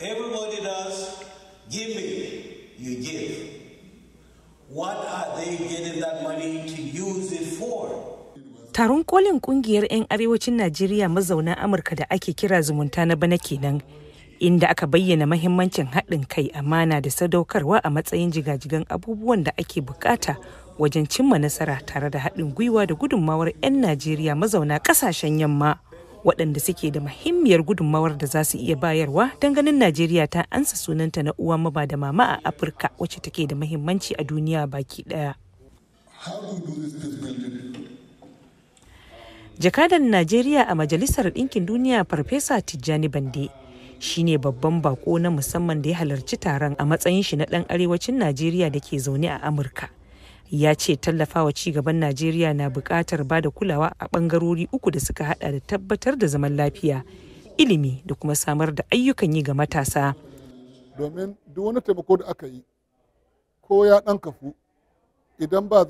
Everybody does. Give me, you give. What are they getting that money to use it for? Taron kolin kungiyar 'yan arewacin Najeriya mazauna Amurka da ake kira zumunta na bana kenan, inda aka bayyana mahimmancin haɗin kai amana da sadaukarwa a matsayin jigajigan abubuwan da ake bukata wajen cimma nasara tare da haɗin gwiwa da gudunmawar 'yan Najeriya mazauna ƙasashen yamma. waɗanda suke da muhimmiyar gudunmawar da za su iya bayarwa don ganin Najeriya ta ansa sunanta na uwa maba da mama a Afirka wacce take da muhimmanci a duniya baki ɗaya. Jakadan Najeriya a Majalisar Ɗinkin Duniya Farfesa Tijjani Bande shine babban bako na musamman da ya halarci taron a matsayin shi na ɗan arewacin Najeriya da ke zaune a Amurka. ya ce tallafawa cigaban najeriya na bukatar ba da kulawa a bangarori uku da suka hada da tabbatar da zaman lafiya ilimi da kuma samar da ayyukan yi ga matasa domin duk wani taimako da aka yi ko ya ɗan kafu idan ba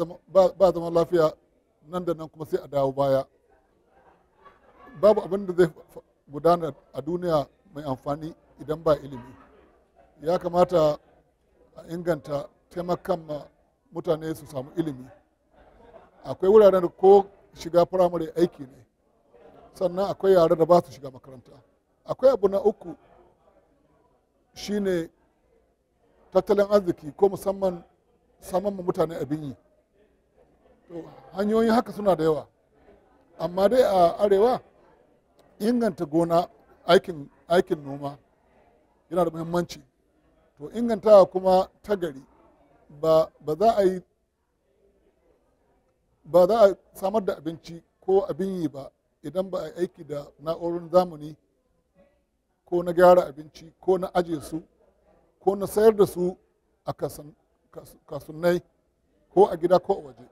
zaman lafiya nan da nan kuma sai a dawo baya babu abin da zai gudana a duniya mai amfani idan ba ilimi ya kamata a inganta taimakon ma mutane su samu ilimi akwai wuraren da ko shiga firamare aiki ne sannan akwai yare da ba su shiga makaranta akwai abu na uku shine tattalin arziki ko musamman saman mutane abin yi hanyoyin haka suna da yawa amma dai a arewa inganta gona aikin, noma yana da muhimmanci to ingantawa kuma ta gari ba za a samar da abinci ko abin yi ba idan ba a yi aiki da na'urar zamani ko na gyara abinci ko na ajiye su ko na sayar da su a kasunai ko a gida ko a waje.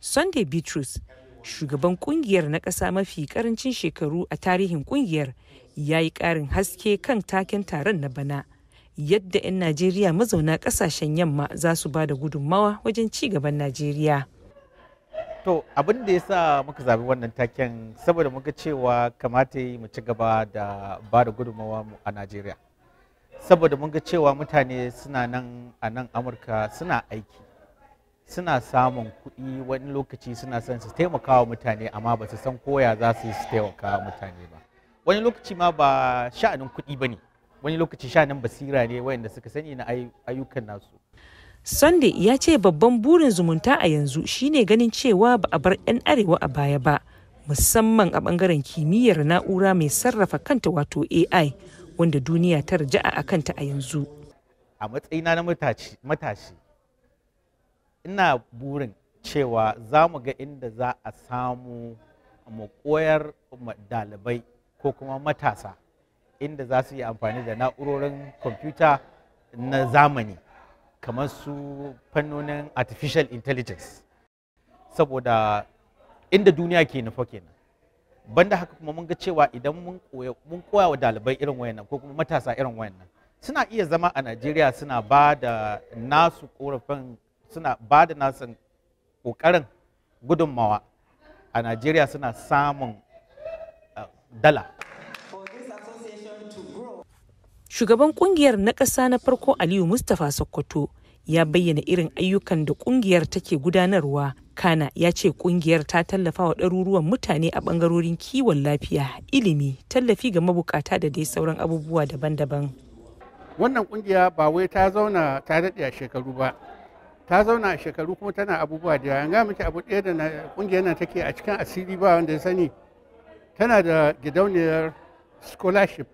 Sunday Bitrus, shugaban kungiyar na ƙasa mafi ƙarancin shekaru a tarihin kungiyar ya yi ƙarin haske kan taken taron na bana yadda 'yan najeriya mazauna ƙasashen yamma za su ba da gudunmawa wajen ci gaban najeriya to abin da ya sa muka zabi wannan taken saboda muka cewa kamata mu ci gaba da ba da gudunmawa a najeriya saboda muka cewa mutane suna nan a nan amurka suna aiki suna samun kuɗi wani lokaci suna son su taimaka wa mutane amma ba su san koya za su yi su taimaka mutane ba wani lokaci ma ba sha'anin kuɗi ba ne wani lokaci sha'anin basira ne wayanda suka sani na ayyukan nasu sunday ya ce babban burin zumunta a yanzu shine ganin cewa ba a bar 'yan arewa a baya ba musamman a bangaren kimiyyar na'ura mai sarrafa kanta wato ai wanda duniya ta raja'a a kanta a yanzu a matsayina na matashi ina burin cewa za mu ga inda za a samu mu koyar dalibai ko kuma matasa inda za su yi amfani da na'urorin kwamfuta na zamani kamar su fannonin artificial intelligence saboda inda duniya ke nufa kenan banda haka kuma mun ga cewa idan mun koya wa dalibai irin wayannan ko kuma matasa irin wayannan suna iya zama a najeriya suna ba da nasu korafin suna ba da nasu kokarin gudunmawa a najeriya suna samun dala. Shugaban kungiyar na ƙasa na farko Aliyu Mustapha Sokoto ya bayyana irin ayyukan da kungiyar take gudanarwa. Kana ya ce kungiyar ta tallafa wa ɗaruruwan mutane a ɓangarorin kiwon lafiya, ilimi, tallafi ga mabukata da dai sauran abubuwa daban-daban. Wannan kungiya ba wai ta zauna ta daɗe a shekaru ba, ta zauna a shekaru kuma tana abubuwa da yawa. Ga miki abu ɗaya da kungiyar nan take a cikin asiri ba wanda ya sani. tana da gidauniyar scholarship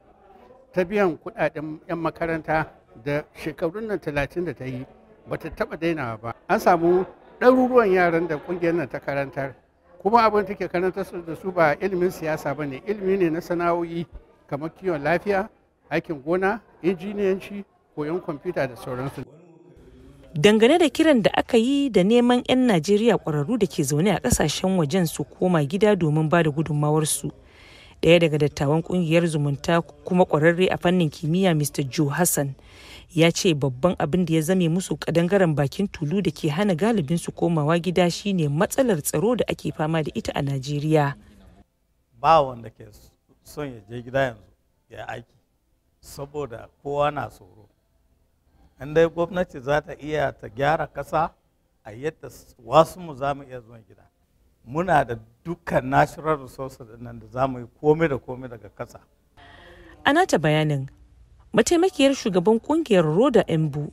ta biyan kudaden 'yan makaranta da shekarun nan talatin da ta yi ba ta taɓa dainawa ba an samu ɗaruruwan yaran da ƙungiyar nan ta karantar kuma abin take karantar da su ba ilimin siyasa ba ne ilimi ne na sana'o'i kamar kiwon lafiya aikin gona injiniyanci koyon kwamfuta da sauransu dangane da kiran da aka yi da neman 'yan najeriya kwararru da ke zaune a ƙasashen wajen su koma gida domin ba da gudunmawarsu ɗaya daga dattawan ƙungiyar zumunta kuma ƙwararre a fannin kimiyya mr joe hassan ya ce babban abin da ya zame musu kadangaren bakin tulu da ke hana galibin su komawa gida shine matsalar tsaro da ake fama da ita a najeriya ba wanda ke son ya je gida yanzu ya aiki saboda kowa na tsoro An dai gwamnati za ta iya ta gyara ƙasa a yadda wasu mu za mu iya zuwa gida muna da dukkan natural resources nan da za mu yi komai da komai daga ƙasa a nata bayanin mataimakiyar shugaban kungiyar roda embu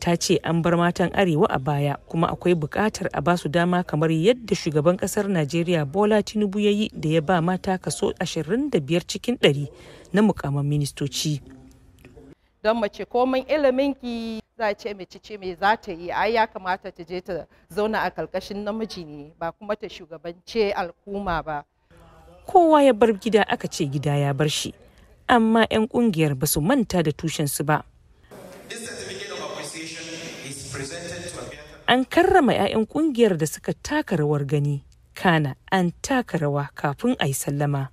ta ce an bar matan arewa a baya kuma akwai bukatar a basu dama kamar yadda shugaban kasar najeriya bola tinubu ya yi da ya ba mata kaso 25 cikin 100 na mukamman ministoci don mace komai iliminki za ce mace ce mai za ta yi ai ya kamata ta je ta zauna a ƙarƙashin namiji ne ba kuma ta shugabance al'umma ba kowa ya bar gida aka ce gida ya bar shi amma 'yan kungiyar ba su manta da tushensu ba an karrama 'ya'yan kungiyar da suka taka rawar gani kana an taka rawa kafin a yi sallama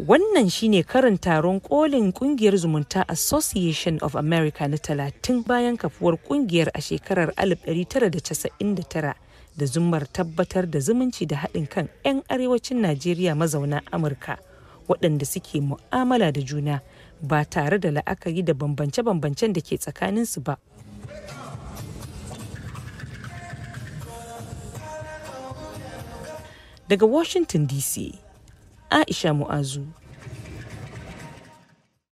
Wannan shine karin taron kolin kungiyar zumunta Association of America na talatin bayan kafuwar kungiyar a shekarar 1999 da zumar tabbatar da zumunci da haɗin kan 'yan arewacin Najeriya mazauna Amurka waɗanda suke mu'amala da juna ba tare da la'akari da bambance-bambancen da ke tsakaninsu ba. Daga Washington DC. Aisha Mu'azu.